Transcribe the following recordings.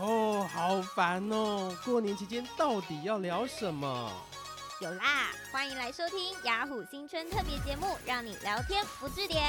哦，好煩哦！過年期間到底要聊什麼？有啦，歡迎來收聽雅虎新春特別節目，讓你聊天不質點。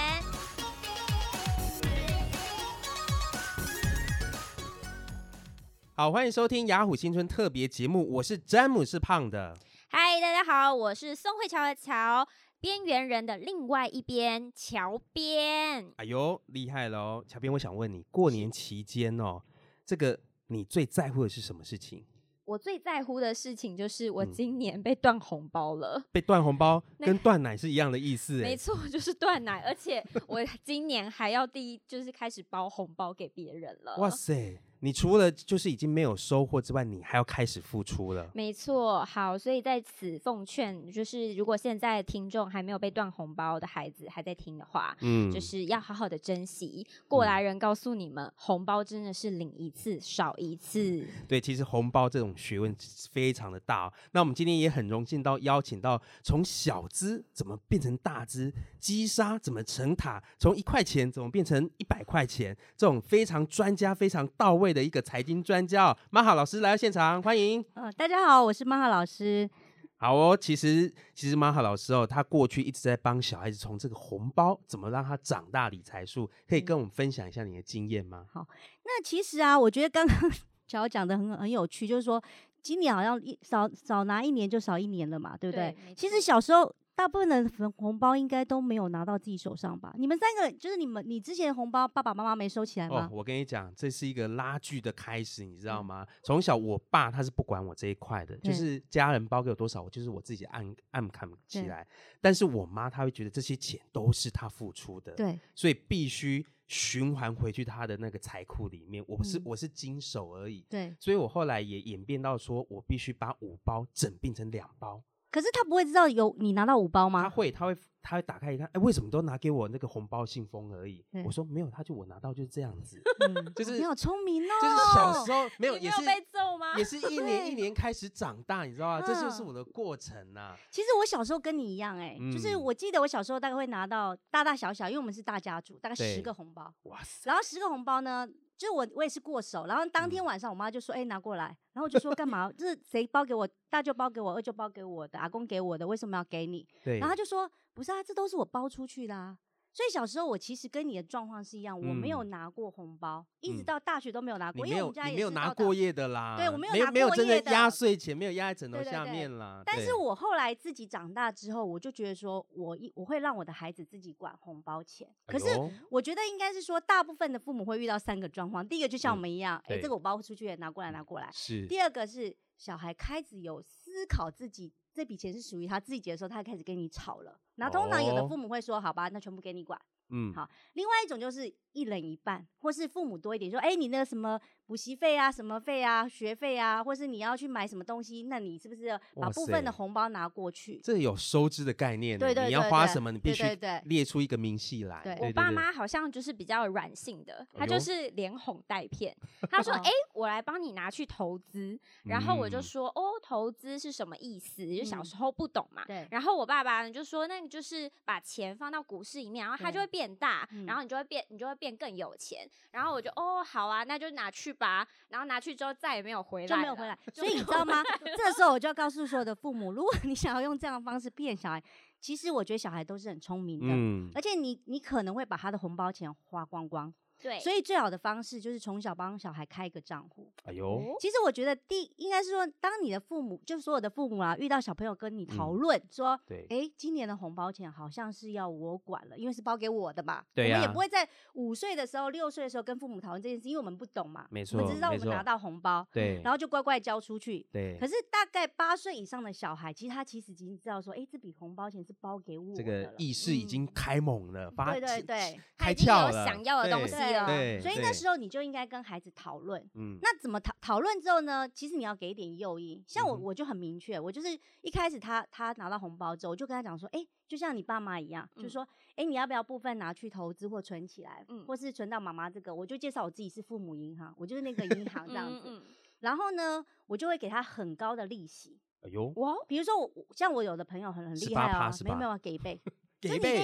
好，歡迎收聽雅虎新春特別節目，我是詹姆斯龐的。嗨，大家好，我是宋慧喬的喬，邊緣人的另外一邊，喬邊。哎呦，厲害嘍！喬邊，我想問你，過年期間哦，這個。你最在乎的是什麼事情？我最在乎的事情就是我今年被斷紅包了。嗯、被斷紅包跟斷奶那是一樣的意思。沒錯，就是斷奶， 而且我今年還要第一，就是開始包紅包給別人了。哇塞！你除了就是已經沒有收穫之外，你還要開始付出了。沒錯，好，所以在此奉勸，就是如果現在聽眾還沒有被斷紅包的孩子還在聽的話，嗯，就是要好好的珍惜。過來人告訴你們，嗯、紅包真的是領一次少一次。對，其實紅包這種學問非常的大、哦。那我們今天也很榮幸到邀請到從小資怎麼變成大資，積沙怎麼成塔，從一塊錢怎麼變成一百塊錢，這種非常專家非常到位。的一個財經專家馬哈老師來到現場，歡迎。呃，大家好，我是馬哈老師。好哦，其實其實馬哈老師哦，他過去一直在幫小孩子從這個紅包怎麼讓他長大理財術，可以跟我們分享一下你的經驗嗎？嗯、好，那其實啊，我覺得剛剛小講的很很有趣，就是說今年好像一少少拿一年就少一年了嘛，對不對？對，其實小時候。大部分的紅紅包應該都沒有拿到自己手上吧？你們三個就是你們，你之前的紅包爸爸媽媽沒收起來嗎？哦，oh, 我跟你講，這是一個拉鋸的開始，你知道嗎？從、嗯、小我爸他是不管我這一塊的，嗯、就是家人包給我多少，我就是我自己按按看起來。對但是我媽她會覺得這些錢都是她付出的，對，所以必須循環回去她的那個財庫裡面。我不是、嗯、我是經手而已，對，所以我後來也演變到說我必須把五包整併成兩包。可是他不會知道有你拿到五包嗎？他會，他會，他會打開一看，哎、欸，為什麼都拿給我那個紅包信封而已？對我說沒有，他就我拿到就是這樣子， 就是。 哦，你好聰明哦！就是小時候沒有，也是沒有被揍嗎？也是一年對一年開始長大，你知道嗎？嗯、這就是我的過程吶、啊。其實我小時候跟你一樣，欸，哎，就是我記得我小時候大概會拿到大大小小，因為我們是大家族，大概十個紅包，對哇塞！然後十個紅包呢？就我，我也是過手，然後當天晚上我媽就說：“哎、嗯欸，拿過來。”然後我就說：“幹嘛？ 這是誰包給我？大舅包給我，二舅包給我的，阿公給我的，為什麼要給你？”對。然後她就說：“不是啊，這都是我包出去的、啊。”所以小時候我其實跟你的狀況是一樣，我沒有拿過紅包，嗯、一直到大學都沒有拿過，嗯、因為我們家沒也是沒有拿過夜的啦。對，我沒有拿過夜的，的壓歲錢，沒有壓在枕頭下面啦。但是我後來自己長大之後，我就覺得說我，我我會讓我的孩子自己管紅包錢。哎、呦可是我覺得應該是說，大部分的父母會遇到三個狀況，第一個就像我們一樣，哎、嗯，這個我包出去，拿過來拿過來。過來嗯、是。第二個是小孩開始有思考自己這筆錢是屬於他自己的時候，他開始跟你吵了。那通常有的父母會說：“好吧，那全部給你管。”嗯，好。另外一種就是一人一半，或是父母多一點，說：“哎，你那個什麼。”補習費啊，什麼費啊，學費啊，或是你要去買什麼東西，那你是不是把部分的紅包拿過去？這有收支的概念，對對對，你要花什麼，你必須列出一個明細來。我爸媽好像就是比較軟性的，他就是連哄帶騙。他說：“哎，我來幫你拿去投資。”然後我就說：“哦，投資是什麼意思？”就小時候不懂嘛。然後我爸爸就說：“那你就是把錢放到股市裡面，然後它就會變大，然後你就會變，你就會變更有錢。”然後我就：“哦，好啊，那就拿去。”拔，然後拿去之後再也沒有回來，就沒有回來。回來，所以你知道嗎？ 這時候我就要告訴所有的父母，如果你想要用這樣的方式騙小孩，其實我覺得小孩都是很聰明的，嗯、而且你你可能會把他的紅包錢花光光。對，所以最好的方式就是從小幫小孩開一個賬戶。哎呦，其實我覺得第應該是說，當你的父母，就是所有的父母啊，遇到小朋友跟你討論說，對，哎，今年的紅包錢好像是要我管了，因為是包給我的嘛。對呀。我們也不會在五歲的時候、六歲的時候跟父母討論這件事，因為我們不懂嘛。沒錯。我們知道我們拿到紅包，對，然後就乖乖交出去。對。可是大概八歲以上的小孩，其實他其實已經知道說，哎，這筆紅包錢是包給我的。這個意識已經開猛了，發對對對，開竅了，他已經有想要的東西。對啊，所以那時候你就應該跟孩子討論。嗯，那怎麼討討論之後呢？其實你要給一點誘因。像我，我就很明確，我就是一開始他他拿到紅包之後，我就跟他講說，哎，就像你爸媽一樣，就說，哎，你要不要部分拿去投資或存起來，嗯，或是存到媽媽這個，我就介紹我自己是父母銀行，我就是那個銀行這樣子。然後呢，我就會給他很高的利息。哎呦，哇！比如說我，像我有的朋友很很厲害啊，沒有給一倍，給一倍。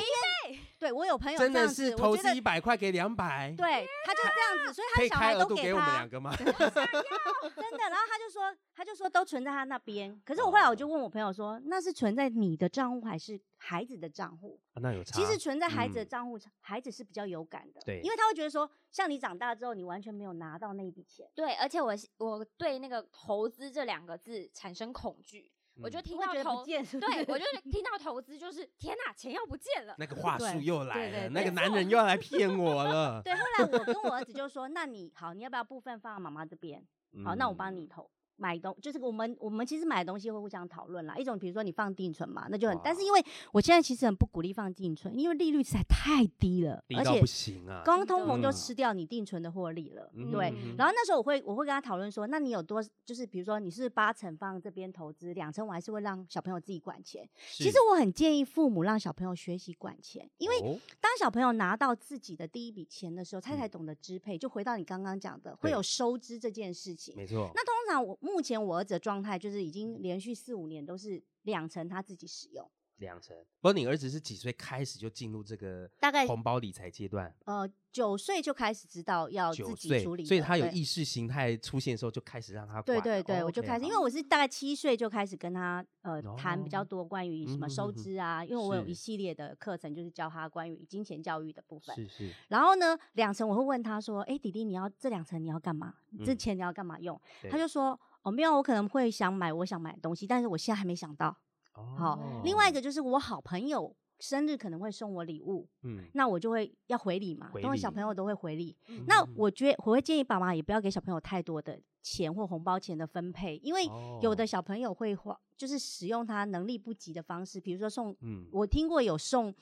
對我有朋友真的是投資一百塊給兩百，對，他就這樣子，還所以他小孩都給，給我們兩個嗎？ 我想要？真的，然後他就說，他就說都存在他那邊。可是我後來我就問我朋友說，那是存在你的賬戶還是孩子的賬戶？啊、那有差？其實存在孩子的賬戶，嗯、孩子是比較有感的，對因為他會覺得說，像你長大之後，你完全沒有拿到那一筆錢。對，而且我我對那個投資這兩個字產生恐懼。 我就聽到投，是是對，我就聽到投資，就是天哪、啊，錢又不見了， 那個話術又來了，對對對對，那個男人又要來騙我了。 對，後來我跟我兒子就說：“ 那你好，你要不要部分放到媽媽這邊？好，嗯、那我幫你投。”買東就是我們我們其實買東西會互相討論啦。一種，比如說你放定存嘛，那就很。哇但是因為我現在其實很不鼓勵放定存，因為利率實在太低了，而且低到不行啊。剛剛通膨就吃掉你定存的獲利了。嗯、對。嗯、哼哼哼然後那時候我會我會跟他討論說，那你有多就是比如說你是八成放這邊投資，兩成我還是會讓小朋友自己管錢。是其實我很建議父母讓小朋友學習管錢，因為當小朋友拿到自己的第一筆錢的時候，他才懂得支配。嗯、就回到你剛剛講的對會有收支這件事情。沒錯錯。那通常我。目前我兒子的狀態就是已經連續四五年都是兩成，他自己使用兩成。不過你兒子是幾歲開始就進入這個紅包理財階段？呃，九歲就開始知道要自己處理。所以他有意識形態出現的時候就開始讓他管。對對對，我就開始，因為我是大概七歲就開始跟他呃談比較多關於什麼收支啊，因為我有一系列的課程就是教他關於金錢教育的部分。是是。然後呢，兩成我會問他說：“哎，弟弟，你要這兩成你要幹嘛？這錢你要幹嘛用？”他就說。我、哦、沒有，我可能會想買我想買的東西，但是我現在還沒想到。Oh. 好，另外一個就是我好朋友生日可能會送我禮物，嗯，那我就會要回禮嘛，因為回禮、小朋友都會回禮。嗯、那我覺得我會建議爸媽也不要給小朋友太多的錢或紅包錢的分配，因為有的小朋友會花，就是使用他能力不及的方式，比如說送，嗯、我聽過有送。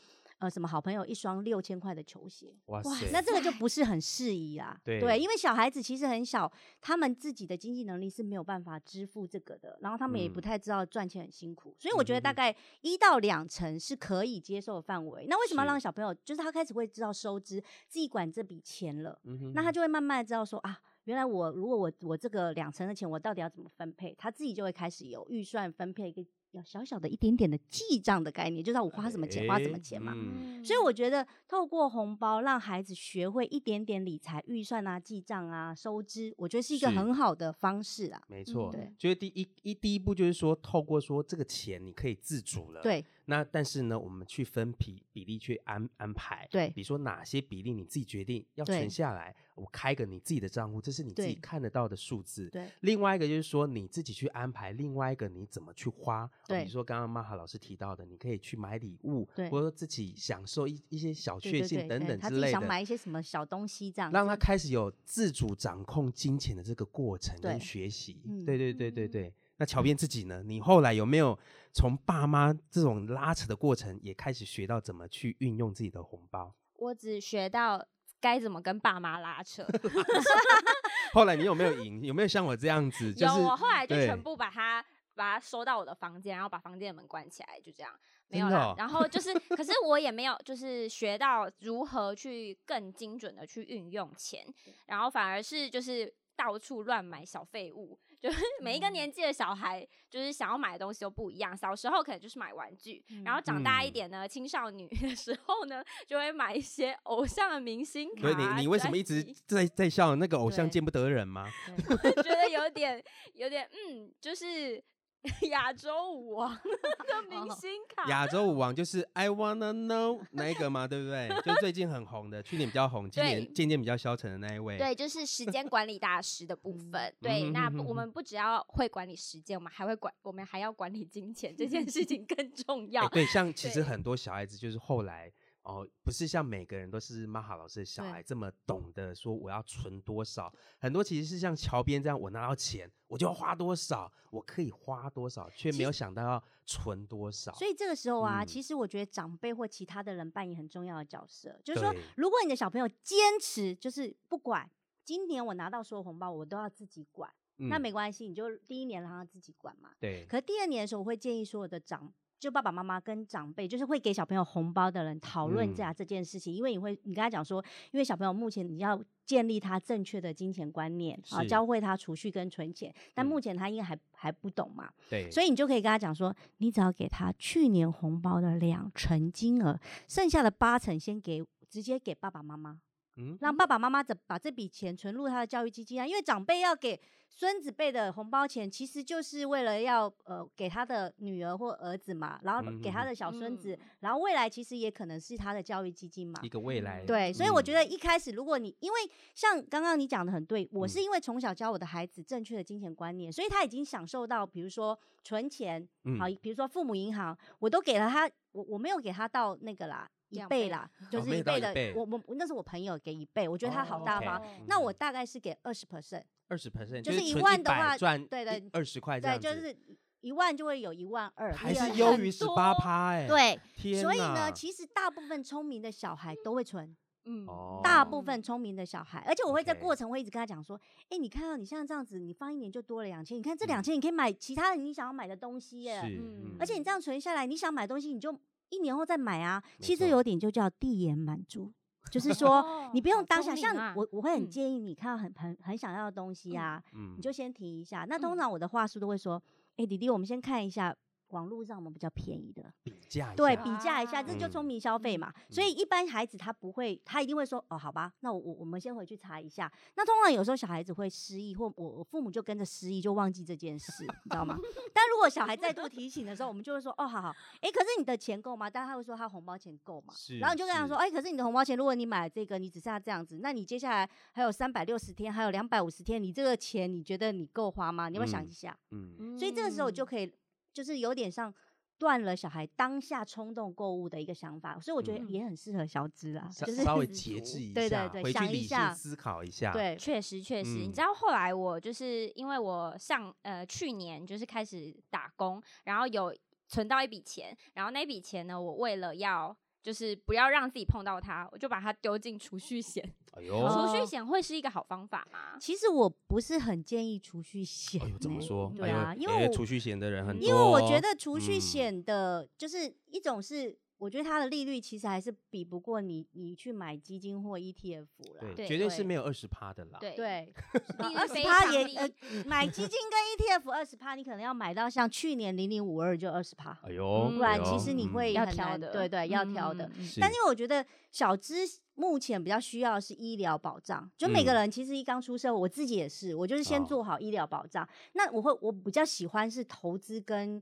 呃，什麼好朋友一雙六千塊的球鞋，哇塞，哇，那這個就不是很適宜啦、啊。對，對，因為小孩子其實很小，他們自己的經濟能力是沒有辦法支付這個的，然後他們也不太知道賺錢很辛苦，所以我覺得大概一到兩成是可以接受的範圍。嗯、哼哼，那為什麼讓小朋友，是就是他開始會知道收支，自己管這筆錢了，嗯、哼哼，那他就會慢慢知道說啊，原來我如果我我這個兩成的錢我到底要怎麼分配，他自己就會開始有預算分配一個。有小小的一點點的記賬的概念，就知道我花什麼錢，欸、花什麼錢嘛。嗯、所以我覺得，透過紅包讓孩子學會一點點理財、預算啊、記賬啊、收支，我覺得是一個很好的方式啦、啊。沒錯，就是、嗯、第一一,一第一步，就是說透過說這個錢你可以自主了。對。那但是呢，我們去分比比例去安安排，對，比如說哪些比例你自己決定要存下來，對，我開個你自己的賬戶，這是你自己看得到的數字。對，另外一個就是說你自己去安排，另外一個你怎麼去花？對，哦，比如說剛剛 Maja 老師提到的，你可以去買禮物，對，或者說自己享受一一些小確幸等等之類的。對對對對，他自己想買一些什麼小東西這樣。讓他開始有自主掌控金錢的這個過程跟學習。對對，對對對對對。嗯那 Maja 自己呢？你後來有沒有從爸媽這種拉扯的過程，也開始學到怎麼去運用自己的紅包？我只學到該怎麼跟爸媽拉扯。 後來你有沒有贏？有沒有像我這樣子？有，就是、我後來就全部把它對把它收到我的房間，然後把房間的門關起來，就這樣，沒有啦。喔、然後就是， 可是我也沒有就是學到如何去更精準的去運用錢，然後反而是就是到處亂買小廢物。就是 每一個年紀的小孩，就是想要買的東西都不一樣。小時候可能就是買玩具，嗯、然後長大一點呢，嗯、青少女的時候呢，就會買一些偶像的明星卡。所以你你為什麼一直在在笑？那個偶像見不得人嗎？ 我覺得有點有點嗯，就是。亞洲舞王的明星卡，亞、哦、亞洲舞王就是 I wanna know 那一個嘛，對不對？就最近很紅的，去年比較紅，對今年漸漸比較消沉的那一位。對，就是時間管理大師的部分。 對，那我們不只要會管理時間，我們還會管，我們還要管理金錢， 這件事情更重要、欸。對，像其實很多小孩子就是後來。哦，不是像每個人都是馬哈老師的小孩對這麼懂得說，我要存多少，嗯、很多其實是像橋邊這樣，我拿到錢我就要花多少，我可以花多少，卻實沒有想到要存多少。所以這個時候啊，嗯、其實我覺得長輩或其他的人扮演很重要的角色，就是說，對如果你的小朋友堅持，就是不管今年我拿到所有紅包我都要自己管，嗯、那沒關係，你就第一年讓他自己管嘛。對。可是第二年的時候，我會建議所有的長。就爸爸媽媽跟長輩，就是會給小朋友紅包的人討論一下、啊嗯、這件事情，因為你會，你跟他講說，因為小朋友目前你要建立他正確的金錢觀念啊，是教會他儲蓄跟存錢，但目前他應該還、嗯、還不懂嘛，對所以你就可以跟他講說，你只要給他去年紅包的兩成金額，剩下的八成先給，直接給爸爸媽媽。嗯，讓爸爸媽媽把這筆錢存入他的教育基金啊，因為長輩要給孫子輩的紅包錢，其實就是為了要呃給他的女兒或兒子嘛，然後給他的小孫子，嗯、然後未來其實也可能是他的教育基金嘛。一個未來。對，所以我覺得一開始如果你、嗯、因為像剛剛你講得很對，我是因為從小教我的孩子正確的金錢觀念，嗯、所以他已經享受到比如說存錢，嗯，好，比如說父母銀行，我都給了他，我我沒有給他到那個啦。一倍啦，就是一倍的。我我那是我朋友給一倍，我覺得他好大方。那我大概是給二十 percent，二十 percent，就是一萬的話，對的，二十塊錢。對，就是一萬就會有一萬二，還是優於十八趴哎。對，所以呢，其實大部分聰明的小孩都會存，嗯，大部分聰明的小孩，而且我會在過程會一直跟他講說，哎，你看到你像這樣子，你放一年就多了兩千，你看這兩千你可以買其他的你想要買的東西耶，嗯，而且你這樣存下來，你想買東西你就。一年後再買啊，其實有點就叫遞延滿足，沒錯、就是說、哦、你不用當下，啊、像我我會很建議你看到很很很想要的東西啊，嗯嗯、你就先提一下。那通常我的話術都會說，哎、嗯欸，弟弟，我們先看一下。網絡上我們比較便宜的，比價對，比價一下，這就聰明消費嘛。嗯、所以一般孩子他不會，他一定會說哦，好吧，那我我，我們先回去查一下。那通常有時候小孩子會失憶，或我，我父母就跟着失憶，就忘記這件事， 你知道嗎？但如果小孩再度提醒的時候，我們就會說哦，好好、欸，可是你的錢夠嗎？但他會說他紅包錢夠嗎？是然後你就跟他說，是哎，可是你的紅包錢，如果你買這個，你只剩下這樣子，那你接下來還有三百六十天，還有兩百五十天，你這個錢你覺得你夠花嗎？你要，要想一下，嗯，嗯所以這個時候我就可以。就是有點像斷了小孩當下衝動購物的一個想法，所以我覺得也很適合小資啊，嗯、就是稍微節制一下， 對對對，想一下，思考一下，對，確實確實。嗯、你知道後來我就是因為我上呃去年就是開始打工，然後有存到一筆錢，然後那筆錢呢，我為了要。就是不要讓自己碰到它，我就把它丟進儲蓄險。哎呦，儲蓄險會是一個好方法嗎？其實我不是很建議儲蓄險。哎呦，怎麼說？沒對啊，哎、呦因為儲蓄險的人很、哦、因為我覺得儲蓄險的，嗯、就是一種是。我覺得它的利率其實還是比不過你，你去買基金或 ETF 了。對對，絕對是沒有二十趴的啦。對，二十趴也、呃、買基金跟 ETF 二十趴，你可能要買到像去年零零五二就二十趴，哎呦，嗯、不然其實你會很要挑的。對，對對，要挑的。嗯、但因為我覺得小資目前比較需要的是醫療保障，是就每個人其實一剛出生，我自己也是，我就是先做好醫療保障。好那我會我比較喜歡是投資跟。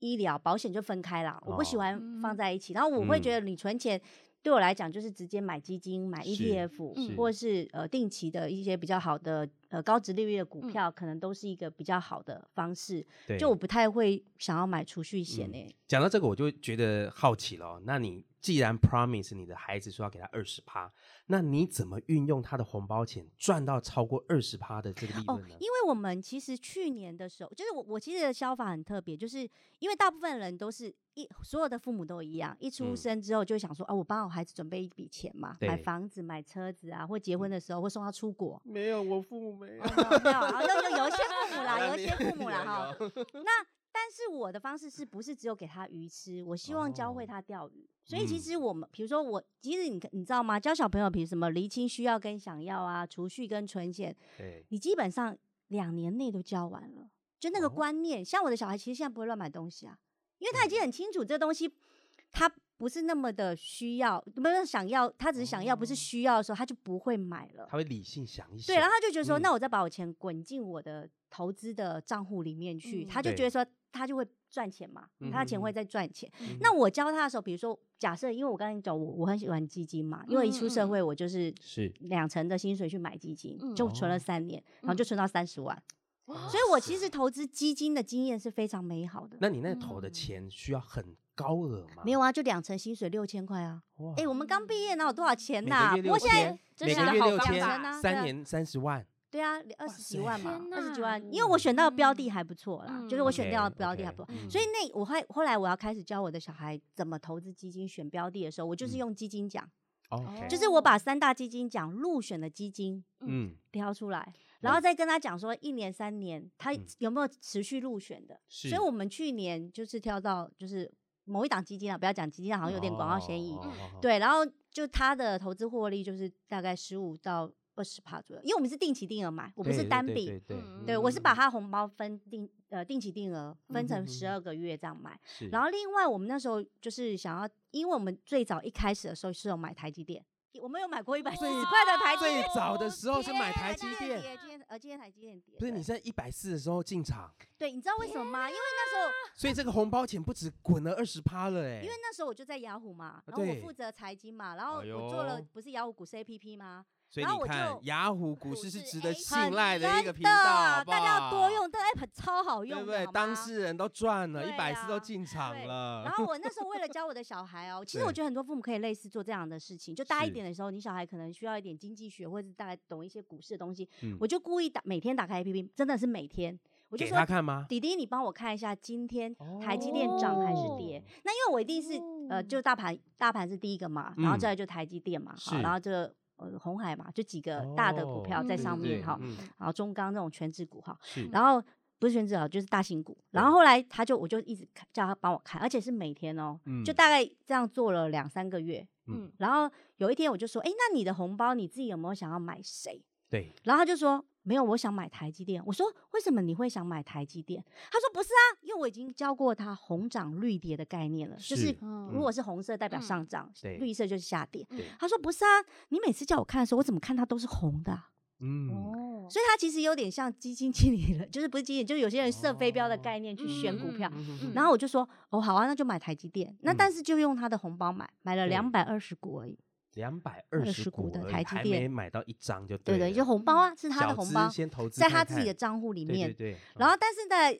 醫療保險就分開了，哦、我不喜歡放在一起。嗯、然後我會覺得，你存錢對我來講就是直接買基金、買 ETF，是、嗯、或是呃定期的一些比較好的呃高殖利率的股票，嗯、可能都是一個比較好的方式。對就我不太會想要買儲蓄險誒、欸。講、嗯、到這個，我就覺得好奇了。那你。既然 Promise 你的孩子說要給他二十趴，那你怎麼運用他的紅包錢賺到超過二十趴的這個利潤呢、哦？因為我們其實去年的時候，就是我我其實的想法很特別，就是因為大部分人都是一所有的父母都一樣，一出生之後就想說、嗯、啊，我幫我孩子準備一筆錢嘛，對買房子、買車子啊，或結婚的時候會送他出國。沒有，我父母沒有沒、oh no, no, no, no. 有，那就有一些父母啦， 有一些父母啦好,好 那。但是我的方式是不是只有給他魚吃？我希望教會他釣魚。哦、所以其實我們，比、嗯、如說我，其實你你知道嗎？教小朋友，比如什麼釐清需要跟想要啊？儲蓄跟存錢，欸、你基本上兩年內都教完了。就那個觀念，哦、像我的小孩，其實現在不會亂買東西啊，因為他已經很清楚這東西，他不是那麼的需要，沒有想要，他只是想要、哦、不是需要的時候，他就不會買了。他會理性想一想。對，然後他就覺得說，嗯、那我再把我錢滾進我的投資的賬戶裡面去，他就覺得說他就會賺錢嘛，他的錢會在賺錢。那我教他的時候，比如說假設，因為我剛剛講我我很喜歡基金嘛，因為一出社會我就是是兩成的薪水去買基金，就存了三年，然後就存到三十萬，所以我其實投資基金的經驗是非常美好的。那你那投的錢需要很高額嗎？沒有啊，就兩成薪水六千塊啊。哎，我們剛畢業哪有多少錢吶？每個月六千，每個月六千，三年三十萬。對啊，二十幾萬嘛，二十幾萬，因為我選到的標的還不錯啦，嗯、就是我選到的標的還不錯，嗯、okay, 所以那我還後來我要開始教我的小孩怎麼投資基金、選標的的時候，我就是用基金獎，嗯、okay 就是我把三大基金獎入選的基金、嗯、挑出來，嗯、然後再跟他講說一年、三年他有沒有持續入選的，嗯、所以我們去年就是挑到就是某一檔基金啊，不要講基金、啊、好像有點廣告嫌疑，哦哦哦、對，哦、然後就他的投資獲利就是大概十五到。二十趴左右，因為我們是定期定額買，對對對對，我不是單筆，對我是把它的紅包分定呃定期定額分成十二個月這樣買。嗯嗯嗯嗯，然後另外我們那時候就是想要，因為我們最早一開始的時候是有買台積電，是我們有買過一百四十塊的台積電，最早的時候是買台積電台，今天呃今天台積電跌，不是你現在一百四的時候進場，對，你知道為什麼嗎？因為那時候，所以這個紅包錢不止滾了二十趴了哎，因為那時候我就在雅虎、ah、嘛，然後我負責財經嘛，對嘛，然後我做了不是雅虎股市 APP 嗎？所以你看，雅虎股市是值得信賴的一個頻道，大家要多用這個 app，超好用，對不對？當事人都賺了，一百次都進場了。然後我那時候為了教我的小孩哦，其實我覺得很多父母可以類似做這樣的事情，就大一點的時候，你小孩可能需要一點經濟學，或者是大概懂一些股市的東西。我就故意打每天打開 APP，真的是每天，我就說，給他看嗎？弟弟，你幫我看一下今天台積電漲還是跌？那因為我一定是呃，就大盤大盤是第一個嘛，然後再來就台積電嘛，好，然後就。呃，鴻海嘛，就幾個大的股票在上面哈，哦，嗯嗯、然後中鋼那種權值股哈。是然後不是權值啊，就是大型股。然後後來他就我就一直叫他幫我看，而且是每天哦，就大概這樣做了兩三個月。嗯，然後有一天我就說，哎，那你的紅包你自己有沒有想要買誰？對，然後他就說。沒有，我想買台積電。我說為什麼你會想買台積電？他說不是啊，因為我已經教過他紅漲綠跌的概念了，就是，是、嗯、如果是紅色代表上漲，嗯、綠色就是下跌。他說不是啊，你每次叫我看的時候，我怎麼看它都是紅的、啊。嗯，哦，所以他其實有點像基金經理了，就是不是基金，就有些人射飛鏢的概念去選股票。然後我就說哦好啊，那就買台積電。那但是就用他的紅包買，買了兩百二十股而已。嗯兩百二十股的台積電還沒買到一張就對了，對對，就紅包啊，是他的紅包，看看在他自己的賬戶裡面。對，對對。哦、然後，但是在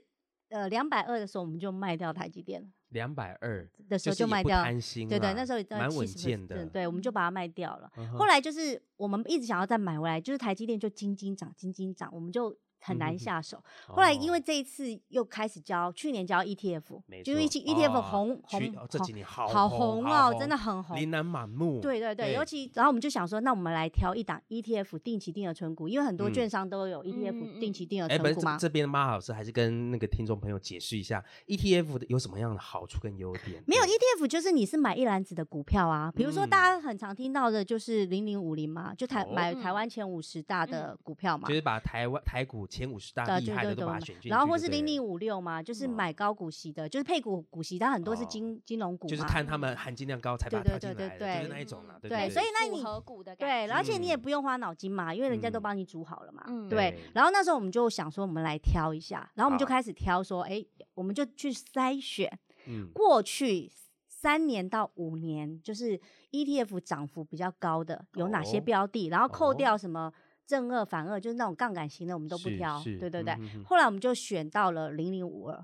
呃兩百二的時候，我們就賣掉台積電了。兩百二的時候就賣掉，心啊、對對，那時候也70蠻穩健的，對，我們就把它賣掉了。嗯、哼後來就是我們一直想要再買回來，就是台積電就金金漲，金金漲，我們就。很難下手。後來因為這一次又開始教，去年教 ETF，沒錯，因為 ETF 紅紅，這幾年好紅哦，真的很紅，琳琅滿目。對對對，尤其然後我們就想說，那我們來挑一檔 ETF 定期定額存股，因為很多券商都有 ETF 定期定額存股。這邊的馬老師還是跟那個聽眾朋友解釋一下，ETF 的有什麼樣的好處跟優點？沒有 ETF，就是你是買一籃子的股票啊，比如說大家很常聽到的就是零零五零嘛，就台買台灣前五十大的股票嘛，就是把台灣台股。前五十大厲害的都把它選進去，然後或是零零五六嘛，就是買高股息的，就是配股股息，它很多是金金融股嘛，就是看他們含金量高才把它選起來的那一種，對，所以那你合股的，對，而且你也不用花腦筋嘛，因為人家都幫你煮好了嘛。對，然後那時候我們就想說，我們來挑一下，然後我們就開始挑說，哎，我們就去篩選，嗯，過去三年到五年，就是 ETF 漲幅比較高的有哪些標的，然後扣掉什麼。正二反二就是那種槓桿型的，我們都不挑，是是對對對。嗯、哼哼後來我們就選到了零零五二，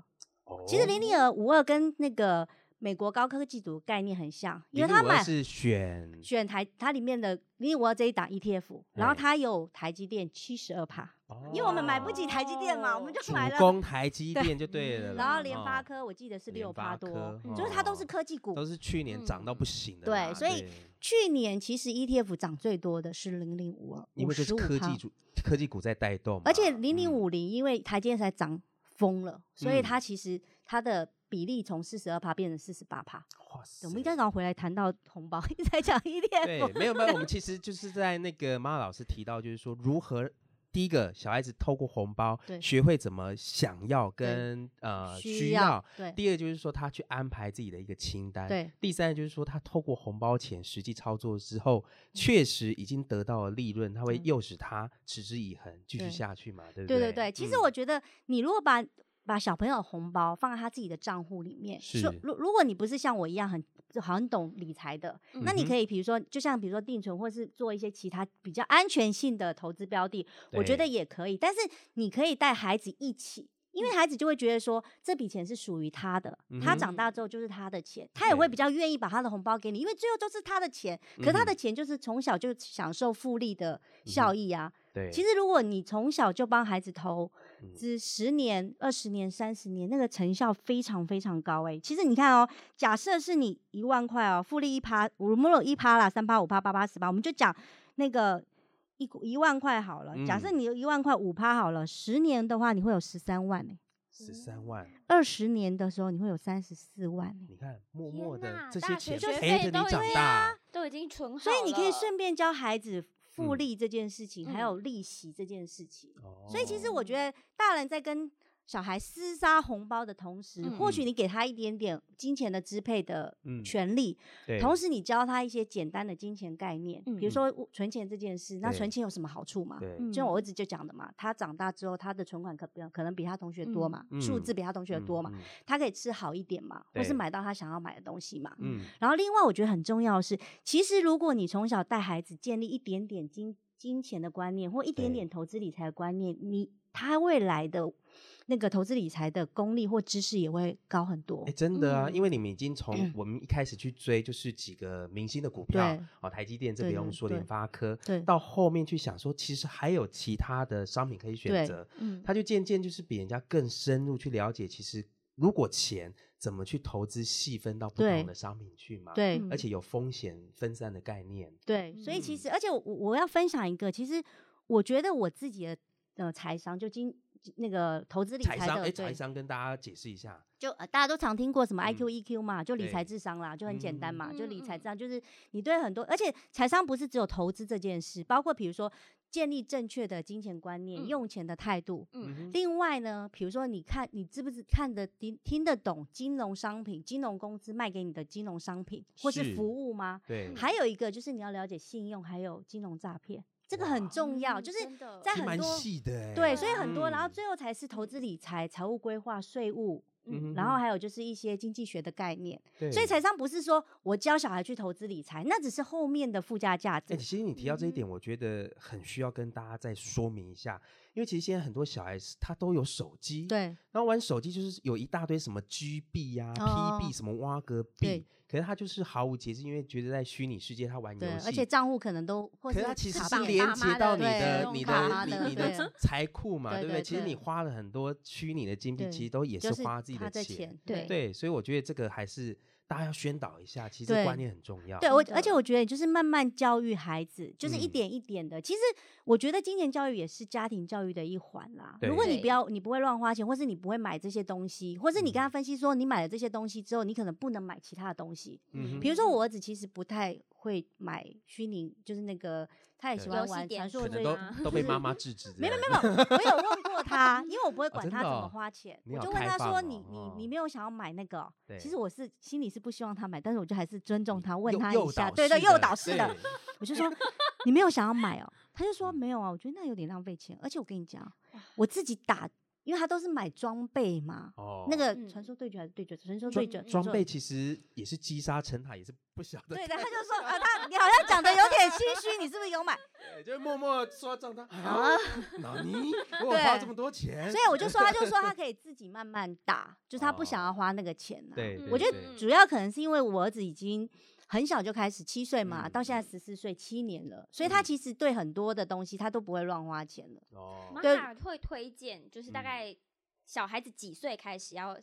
哦、其實零零五二跟那個美國高科技股概念很像，因為他是選選台它裡面的零零五二這一檔 ETF，對然後它有台積電七十二趴因為我們買不起台積電嘛，我們就買了台積電就對了，然後聯發科我記得是六趴多，就是它都是科技股，都是去年漲到不行的。對，所以去年其實 ETF 漲最多的是零零五二，因為是科技股，科技股在帶動。而且零零五零，因為台積電才漲瘋了，所以它其實它的比例從四十二趴變成四十八趴。哇塞！我們應該早回來談到紅包，再講一點。對，沒有沒有，我們其實就是在那個媽媽老師提到，就是說如何。第一個，小孩子透過紅包對學會怎麼想要跟對呃需要，需要。對，第二就是說他去安排自己的一個清單。對，第三就是說他透過紅包錢實際操作之後，確對實已經得到了利潤，嗯、他會誘使他持之以恆繼續下去嘛？對不對？對對對，其實我覺得你如果把把小朋友紅包放在他自己的賬戶裡面。是。說如果如果你不是像我一樣很、很懂理財的，嗯、哼那你可以，比如說，就像比如說定存，或是做一些其他比較安全性的投資標的，對我覺得也可以。但是你可以帶孩子一起。因為孩子就會覺得說這筆錢是屬於他的，嗯、哼他長大之後就是他的錢，嗯、哼他也會比較願意把他的紅包給你，對因為最後都是他的錢。可是他的錢就是從小就享受複利的效益啊。嗯嗯、其實如果你從小就幫孩子投資十年、二十、嗯、年、三十年，那個成效非常非常高、欸。哎，其實你看哦、喔，假設是你一萬塊哦、喔，複利一趴，五六一趴啦，三趴五趴八趴十八，我們就講那個。一一萬塊好了，假設你有一萬塊，五趴好了，嗯、十年的話你會有十三萬呢、欸。十三萬，二十年的時候你會有三十四萬、欸。你看，默默的這些錢陪着你長大、天啊，大學學費都對啊，都已經存好了。所以你可以順便教孩子複利這件事情，嗯、還有利息這件事情。嗯、所以其實我覺得大人在跟。小孩廝殺紅包的同時，或許你給他一點點金錢的支配的權利，同時你教他一些簡單的金錢概念，比如說存錢這件事。那存錢有什麼好處嘛，就像我兒子就講的嘛，他長大之後他的存款可不可能比他同學多嘛，數字比他同學多嘛，他可以吃好一點嘛，或是買到他想要買的東西嘛。然後另外我覺得很重要的是，其實如果你從小帶孩子建立一點點金金錢的觀念，或一點點投資理財的觀念，你。他未來的那個投資理財的功力或知識也會高很多。哎、欸，真的啊！嗯、因為你們已經從我們一開始去追，就是幾個明星的股票，嗯、哦，台積電這邊不用說，聯發科，對，對對到後面去想說，其實還有其他的商品可以選擇。對，嗯，他就漸漸就是比人家更深入去了解，其實如果錢怎麼去投資，細分到不同的商品去嘛，對，對，而且有風險分散的概念。對，所以其實，嗯、而且我我要分享一個，其實我覺得我自己的。呃，財商就金那個投資理財的。財商，哎，財商跟大家解釋一下，就大家都常聽過什麼 IQ EQ 嘛，就理財智商啦，就很簡單嘛，就理財智商就是你對很多，而且財商不是只有投資這件事，包括比如說建立正確的金錢觀念、用錢的態度。另外呢，比如說你看你知不知看得聽聽得懂金融商品、金融公司賣給你的金融商品或是服務嗎？對。還有一個就是你要了解信用，還有金融詐騙。這個很重要，哇就是在很多細的，欸、對，所以很多，然後最後才是投資理財、財務規劃、稅務，嗯、哼哼，然後還有就是一些經濟學的概念。對所以財商不是說我教小孩去投資理財，那只是後面的附加價值，欸。其實你提到這一點，嗯、我覺得很需要跟大家再說明一下。因為其實現在很多小孩子他都有手機，對，然後玩手機就是有一大堆什麼 G 幣呀、啊、哦、P 幣，什麼挖個幣，對可是他就是毫無節制，因為覺得在虛擬世界他玩遊戲，而且賬戶可能都，可是他可其實是連接到你的、你的、你、你的財庫嘛，對，對，對，對不對？其實你花了很多虛擬的金幣，對其實都也是花自己的錢，錢對對，所以我覺得這個還是。大家要宣導一下，其實對觀念很重要。對，我而且我覺得就是慢慢教育孩子，就是一點一點的。嗯、其實我覺得金錢教育也是家庭教育的一環啦。對如果你不要，你不會亂花錢，或是你不會買這些東西，或是你跟他分析說，你買了這些東西之後，嗯、你可能不能買其他的東西。嗯哼，比如說我兒子其實不太。會買虛擬，就是那個，他也喜歡玩傳說對決？可能都都被媽媽制止。沒有沒有沒有，我有問過他，因為我不會管他怎麼花錢，我就問他說：“你你你沒有想要買那個？”對，其實我是心裡是不希望他買，但是我就還是尊重他，問他一下。對對，誘導式的，我就說：“你沒有想要買哦？”他就說：“沒有啊，我覺得那有點浪費錢。”而且我跟你講，我自己打。因為他都是買裝備嘛，那個傳說對決還是對決？傳說對決。裝備其實也是擊殺成海也是不曉得。對的，他就說啊，他你好像講的有點心虛，你是不是有買？對，就默默刷賬單。啊，老倪，我花這麼多錢。所以我就說，他就說他可以自己慢慢打，就是他不想要花那個錢。對，我覺得主要可能是因為我兒子已經。很小就開始，七歲嘛，到現在十四歲，七年了，所以他其實對很多的東西他都不會亂花錢了。哦，Maja 會推薦，就是大概小孩子幾歲開始要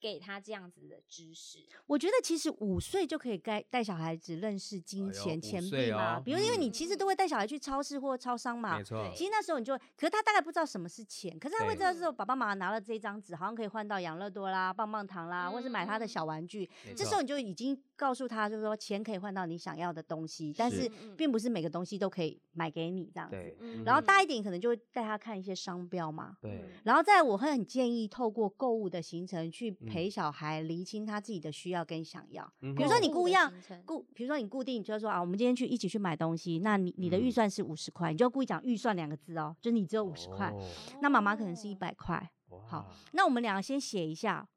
給他這樣子的知識？我覺得其實五歲就可以帶帶小孩子認識金錢錢幣啦。比如因為你其實都會帶小孩去超市或超商嘛，沒錯。其實那時候你就，可是他大概不知道什麼是錢，可是他會知道是爸爸媽媽拿了這張紙，好像可以換到養樂多啦、棒棒糖啦，或是買他的小玩具。這時候你就已經。告訴他，就是說錢可以換到你想要的東西，是但是並不是每個東西都可以買給你這樣子。嗯、然後大一點，可能就會帶他看一些商標嘛。對。然後，再我會很建議透過購物的行程去陪小孩釐清他自己的需要跟想要。嗯、比如說你固樣固,固，比如說你固定就是說啊，我們今天去一起去買東西，那你你的預算是五十塊，你就要故意講預算兩個字哦，就是你只有五十塊。哦、那媽媽可能是一百塊。哦、好，那我們兩個先寫一下。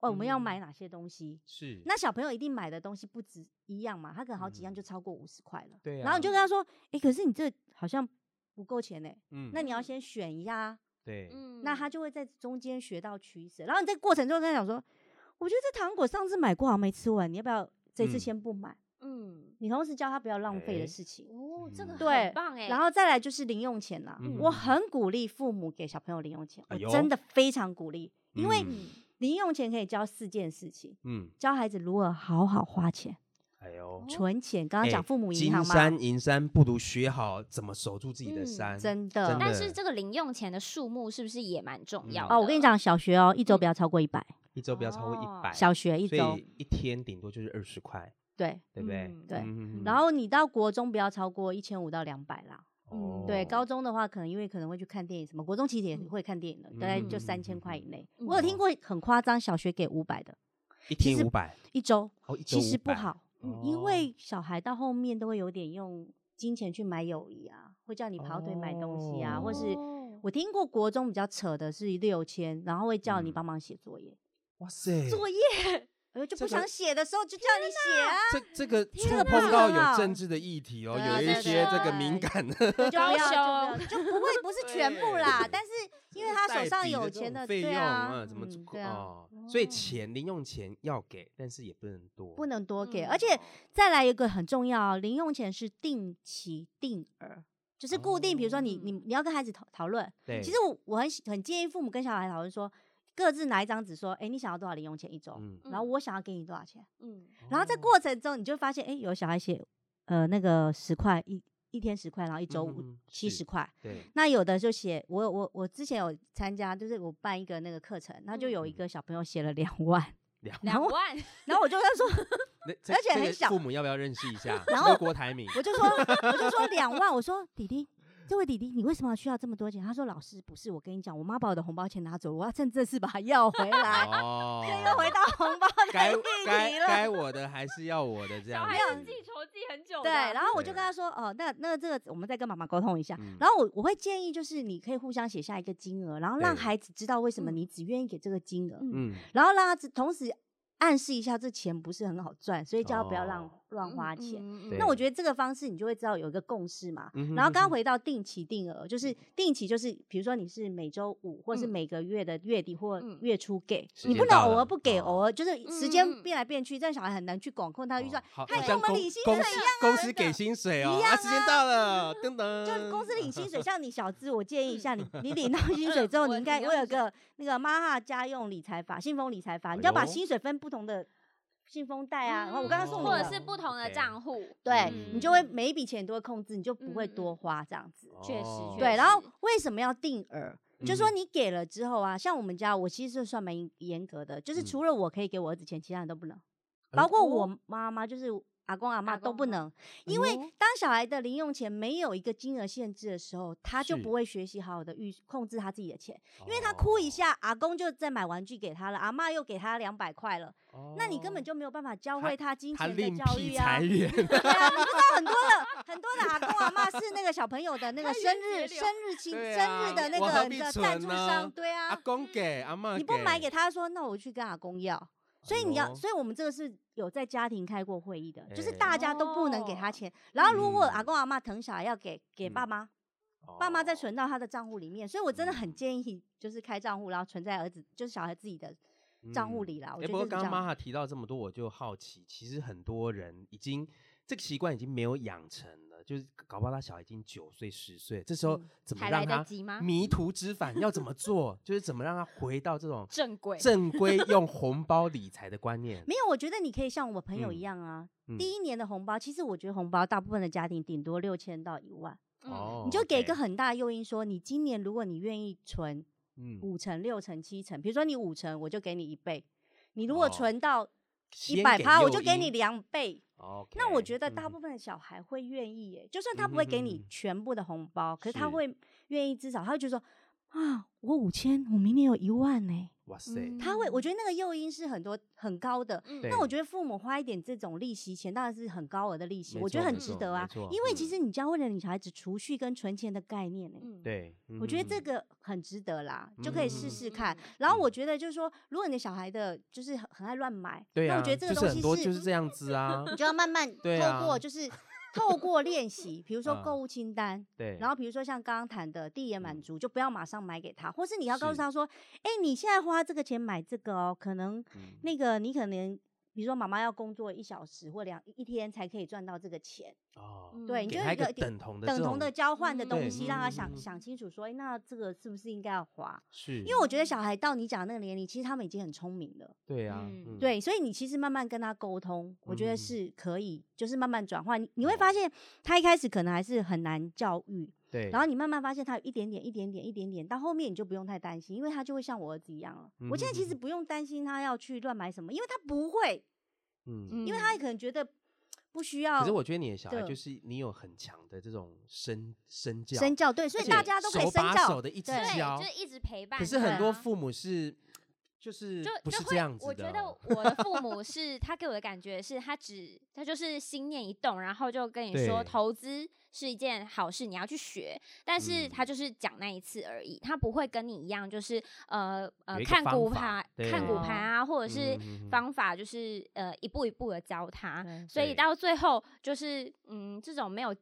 哦，我們要買哪些東西？是那小朋友一定買的東西不止一樣嘛？他可能好幾樣就超過五十塊了。對，然後你就跟他說：“哎，可是你這好像不夠錢呢。”嗯，那你要先選一下。對，嗯，那他就會在中間學到取捨。然後你在過程中跟他講說：“我覺得這糖果上次買過還沒吃完，你要不要這次先不買？”嗯，你同時教他不要浪費的事情。哦，這個對，很棒哎。然後再來就是零用錢啦。我很鼓勵父母給小朋友零用錢，我真的非常鼓勵，因為。零用錢可以教四件事情，嗯，教孩子如何好好花錢，哎呦，存錢。剛剛講父母銀行嗎？哎、金山銀山不如學好，怎麼守住自己的山？嗯、真的，真的，但是這個零用錢的數目是不是也蠻重要？哦、嗯啊，我跟你講，小學哦，一周不要超過一百、嗯，一周不要超過一百、哦，小學一周一天頂多就是二十塊，對對不對？嗯、對，嗯、哼哼然後你到國中不要超過一千五到兩百啦。嗯，對，高中的話，可能因為可能會去看電影，什麼國中其實也會看電影的，嗯、大概就三千塊以內。嗯、我有聽過很誇張，小學給五百的，一天五百，一週、哦，其實不好，哦、因為小孩到後面都會有點用金錢去買友誼啊，會叫你跑腿買東西啊，哦、或是我聽過國中比較扯的是六千，然後會叫你幫忙寫作業，哇塞，作業。我就不想寫的時候，就叫你寫啊。這這個觸碰到有政治的議題哦，有一些這個敏感的，不要，就不會不是全部啦，但是因為他手上有錢的，費用，啊，怎麼哦？所以錢零用錢要給，但是也不能多。不能多給，而且再來一個很重要，零用錢是定期定額，就是固定。比如說你你你要跟孩子討討論，其實我我很很建議父母跟小孩討論說。各自拿一張紙說：“哎、欸，你想要多少零用錢一周？嗯、然後我想要給你多少錢？嗯，然後在過程中，你就會發現，哎、欸，有小孩寫，呃，那個十塊一一天十塊，然後一周五七十塊，嗯嗯。對，對那有的就寫我我我之前有參加，就是我辦一個那個課程，那就有一個小朋友寫了兩萬兩兩萬，然後我就在說，而且很小，父母要不要認識一下？ 然後郭台銘，我就說我就說兩萬， 我說弟弟。”這位弟弟，你為什麼需要這麼多錢？他說：“老師，不是我跟你講，我媽把我的紅包錢拿走了，我要趁這次把它要回來。”哦，又回到紅包的議題了該該。該我的還是要我的，這樣子還要記仇記很久。對，然後我就跟他說：“對哦，那那這個，我們再跟媽媽溝通一下。嗯、然後我我會建議，就是你可以互相寫下一個金額，然後讓孩子知道為什麼你只願意給這個金額。嗯，然後讓他同時暗示一下，這錢不是很好賺，所以叫他不要讓。哦”亂花錢，那我覺得這個方式你就會知道有一個共識嘛。然後剛剛回到定期定額，就是定期就是比如說你是每週五或是每個月的月底或月初給，你不能偶爾不給，偶爾就是時間變來變去，這樣小孩很難去管控他的預算。太像薪水一樣，公司給薪水哦，啊，時間到了，噔噔。就公司領薪水，像你小資，我建議一下你，你領到薪水之後，你應該我有個那個 Maja 家用理財法、信封理財法，你要把薪水分不同的。信封袋啊，嗯、然後我剛剛說你，或者是不同的賬戶，嗯、對、嗯、你就會每一筆錢都會控制，你就不會多花、嗯、這樣子。確實，對，確實，然後為什麼要定額？嗯、就說你給了之後啊，像我們家，我其實是算蠻嚴格的，就是除了我可以給我兒子錢，嗯、其他人都不能，包括我媽媽就是。阿公阿媽都不能，因為當小孩的零用錢沒有一個金額限制的時候，嗯、他就不會學習好好的預控制他自己的錢，是因為他哭一下，哦、阿公就再買玩具給他了，阿媽又給他兩百塊了，哦、那你根本就沒有辦法教會他金錢的教育啊！你知道很多的 很多的阿公阿媽是那個小朋友的那個生日生日慶生日的那個的贊助商，對啊。阿公給阿媽，你不買給他說，那我去跟阿公要。所以你要，oh. 所以我們這個是有在家庭開過會議的，欸、就是大家都不能給他錢，oh. 然後如果阿公阿嬤疼小孩要給給爸媽，嗯、爸媽再存到他的賬戶裡面。所以我真的很建議，就是開賬戶，然後存在兒子就是小孩自己的賬戶裡啦。不過剛剛 Maja 提到這麼多，我就好奇，其實很多人已經這個習慣已經沒有養成。就是搞不好他小孩已經九歲十歲，這時候怎麼還來得及嗎？迷途知返？要怎麼做？就是怎麼讓他回到這種正規、正規用紅包理財的觀念？沒有，我覺得你可以像我朋友一樣啊。嗯嗯、第一年的紅包，其實我覺得紅包大部分的家庭頂多六千到一萬。哦、嗯。你就給一個很大誘因說，說你今年如果你願意存，嗯，五成、六成、七成，比如說你五成，我就給你一倍。你如果存到。哦一百趴，我就給你兩倍。Okay, 那我覺得大部分的小孩會願意耶，嗯、就算他不會給你全部的紅包，嗯嗯嗯嗯，可是他會願意至少，是他會覺得說，啊，我五千，我明年有一萬耶。哇塞，他會，我覺得那個誘因是很多很高的。那我覺得父母花一點這種利息錢，當然是很高額的利息，我覺得很值得啊。因為其實你教會了你小孩子儲蓄跟存錢的概念呢。對，我覺得這個很值得啦，就可以試試看。然後我覺得就是說，如果你的小孩的就是很很愛亂買，那我覺得這個東西是就是這樣子啊，你就要慢慢透過就是。 透過練習，比如說購物清單，嗯、對、然後比如說像剛剛談的第一眼滿足，就不要馬上買給他，或是你要告訴他說：“哎是、欸，你現在花這個錢買這個哦，可能那個你可能。”比如說，媽媽要工作一小時或兩一天才可以賺到這個錢哦。對，你就一個，一個等同的等同的交換的東西，嗯、讓他想想清楚說，說、欸、那這個是不是應該要花？是，因為我覺得小孩到你講的那個年齡，其實他們已經很聰明了。對啊，嗯、對，所以你其實慢慢跟他溝通，我覺得是可以，嗯、就是慢慢轉換。你你會發現，他一開始可能還是很難教育。對然後你慢慢發現他有一點點，一點點，一點點，到後面你就不用太擔心，因為他就會像我兒子一樣了。嗯，我現在其實不用擔心他要去亂買什麼，因為他不會，嗯，因為他也可能覺得不需要。可是我覺得你的小孩就是你有很強的這種身對身教，身教，對，且所以大家都可以身教、手把手的一直教，就是一直陪伴。可是很多父母是，就是就，就會不是這樣子的喔。我覺得我的父母是，他給我的感覺是他只他就是心念一動，然後就跟你說對投資是一件好事，你要去學，但是他就是講那一次而已，嗯、他不會跟你一樣，就是呃呃看股盤對看股盤啊，啊或者是方法就是呃一步一步的教他，嗯、所以到最後就是嗯，這種沒有。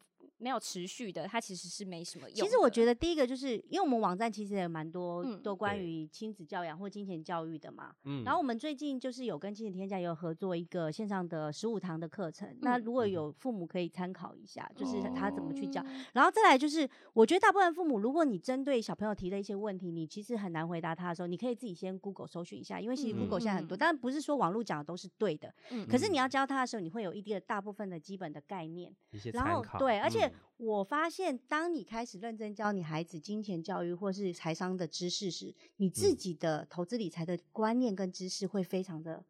沒有持續的，它其實是沒什麼用的。其實我覺得第一個就是，因為我們網站其實也蠻多，多、嗯、關於親子教養或金錢教育的嘛。嗯、然後我們最近就是有跟親子天下有合作一個線上的十五堂的課程，嗯、那如果有父母可以參考一下，嗯、就是他怎麼去教。哦嗯、然後再來就是，我覺得大部分父母，如果你針對小朋友提的一些問題，你其實很難回答他的時候，你可以自己先 Google 搜尋一下，因為其實 Google 現在很多，嗯、但不是說網路講的都是對的。嗯、可是你要教他的時候，你會有一定的大部分的基本的概念，一些參考、然後對，而且。嗯我發現，當你開始認真教你孩子金錢教育或是財商的知識時，你自己的投資理財的觀念跟知識會非常的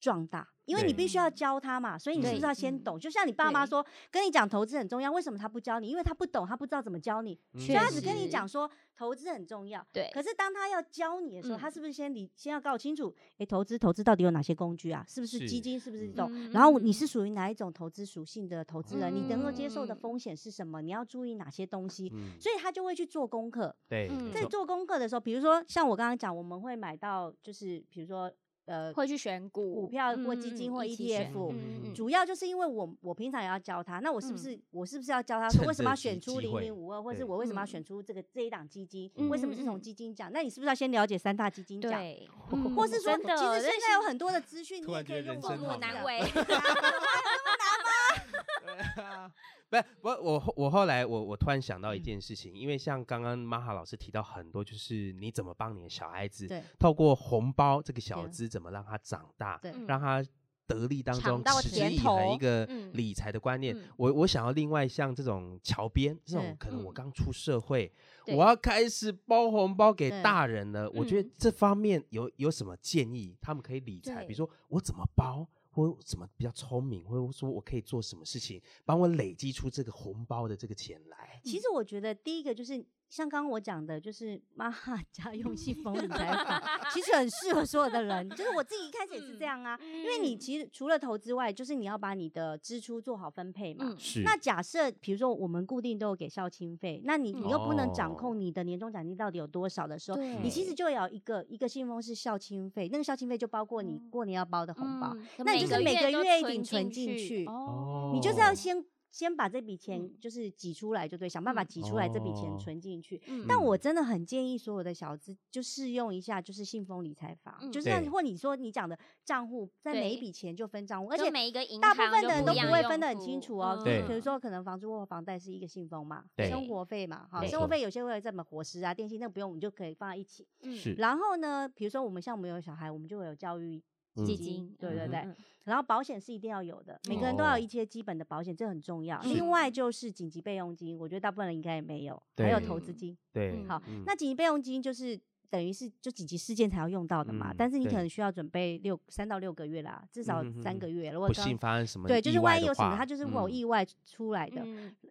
壯大。因為你必須要教他嘛，所以你是不是要先懂？就像你爸媽說，跟你講投資很重要，為什麼他不教你？因為他不懂，他不知道怎麼教你，所以他只跟你講說投資很重要。對，可是當他要教你的時候，他是不是先你先要搞清楚？誒，投資投資到底有哪些工具啊？是不是基金？是不是這種？然後你是屬於哪一種投資屬性的投資人？你能夠接受的風險是什麼？你要注意哪些東西？所以他就會去做功課。對，在做功課的時候，比如說像我剛剛講，我們會買到就是比如說。呃，會去選股、股票或基金或 ETF，主要就是因為我我平常也要教他，那我是不是我是不是要教他，說，為什麼要選出零零五二，或是我為什麼要選出這個這一檔基金？為什麼是從基金講？那你是不是要先了解三大基金講？對，或是說，其實現在有很多的資訊，你也可以用。突然覺得目難為，不是，我我我後來我我突然想到一件事情，因為像剛剛馬哈老師提到很多，就是你怎麼幫你的小孩子，透過紅包這個小資怎麼讓他長大，讓他得力當中，持之以恆一個理財的觀念。我我想要另外像這種橋邊這種，可能我剛出社會，我要開始包紅包給大人了。我覺得這方面有有什麼建議，他們可以理財，比如說我怎麼包。我怎麼比較聰明，或者說我可以做什麼事情，幫我累積出這個紅包的這個錢來？嗯。其實我覺得第一個就是。像剛剛我講的，就是媽媽家用信封理財，其實很適合所有的人。就是我自己一開始也是這樣啊，因為你其實除了投資外，就是你要把你的支出做好分配嘛。那假設，比如說我們固定都有給孝親費，那你你又不能掌控你的年終獎金到底有多少的時候，你其實就有一個一個信封是孝親費，那個孝親費就包括你過年要包的紅包，那你就是每個月一定存進去。哦。你就是要先。先把這筆錢就是擠出來就對，嗯、想辦法擠出來這筆錢存進去。嗯哦嗯、但我真的很建議所有的小資就試用一下，就是信封理財法，嗯、就是那或你說你講的賬戶，在每一筆錢就分賬戶，對而且每一個大部分的人都不會分得很清楚哦。嗯、對比如說可能房租或房貸是一個信封嘛，對生活費嘛，哈，錯生活費有些會有什麼伙食啊、電信那不用，我們就可以放在一起。嗯、是然後呢，比如說我們像我們有小孩，我們就會有教育基金，對對對，然後保險是一定要有的，每個人都要有一些基本的保險，這很重要。另外就是緊急備用金，我覺得大部分人應該也沒有，還有投資金。對，好，那緊急備用金就是。等於是就緊急事件才要用到的嘛，但是你可能需要準備六，三到六個月啦，至少三個月。如果發生什麼，對，就是萬一有什麼，他就是有意外出來的，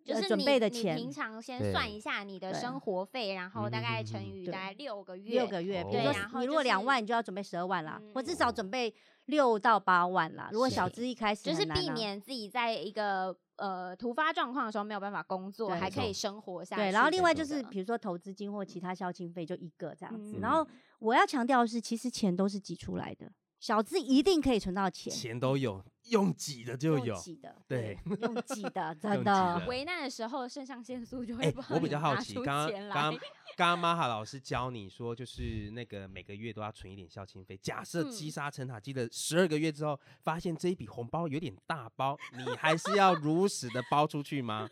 就是準備的錢。你平常先算一下你的生活費，然後大概乘以大概六個月，六個月對。然後你如果兩萬，你就要準備十二萬啦，我至少準備。六到八萬啦，如果小資一開始是就是避免自己在一個呃突發狀況的時候沒有辦法工作，對還可以生活下去。對，對，然後另外就是比如說投資金或其他消遣費，就一個這樣子。嗯、然後我要強調的是，其實錢都是擠出來的，嗯、小資一定可以存到錢，錢都有用擠的就有，用擠的，對，用擠的真的。 的危難的時候，腎上腺素就會幫你拿出錢來。剛剛馬哈老師教你說，就是那個每個月都要存一點孝親費，假設積沙成塔，積了十二個月之後，發現這一筆紅包有點大包， 你還是要如實的包出去嗎？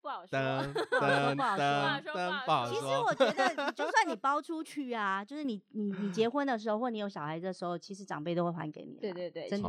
不好說，不好說，不好說。其實我覺得，就算你包出去啊， 就是你你你結婚的時候，或你有小孩的時候，其實長輩都會還給你啊。對對對，真的，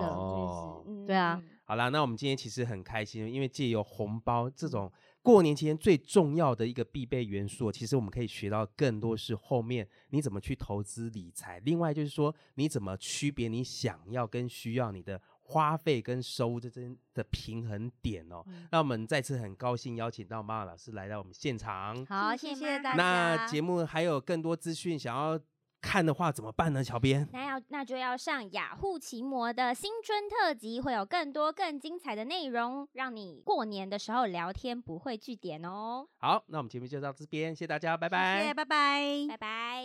對啊。嗯、好啦。那我們今天其實很開心，因為借由紅包這種。過年前最重要的一個必備元素，其實我們可以學到更多是後面你怎麼去投資理財。另外就是說，你怎麼區別你想要跟需要，你的花費跟收支之間的平衡點哦。嗯、那我們再次很高興邀請到馬哈老師來到我們現場。好，謝謝大家。那節目還有更多資訊，想要。看的話怎麼辦呢？小編。那要那就要上雅虎奇摩的新春特輯，會有更多更精彩的內容，讓你過年的時候聊天不會句點哦。好，那我們節目就到這邊，謝謝大家，拜拜，謝謝，拜拜，拜拜。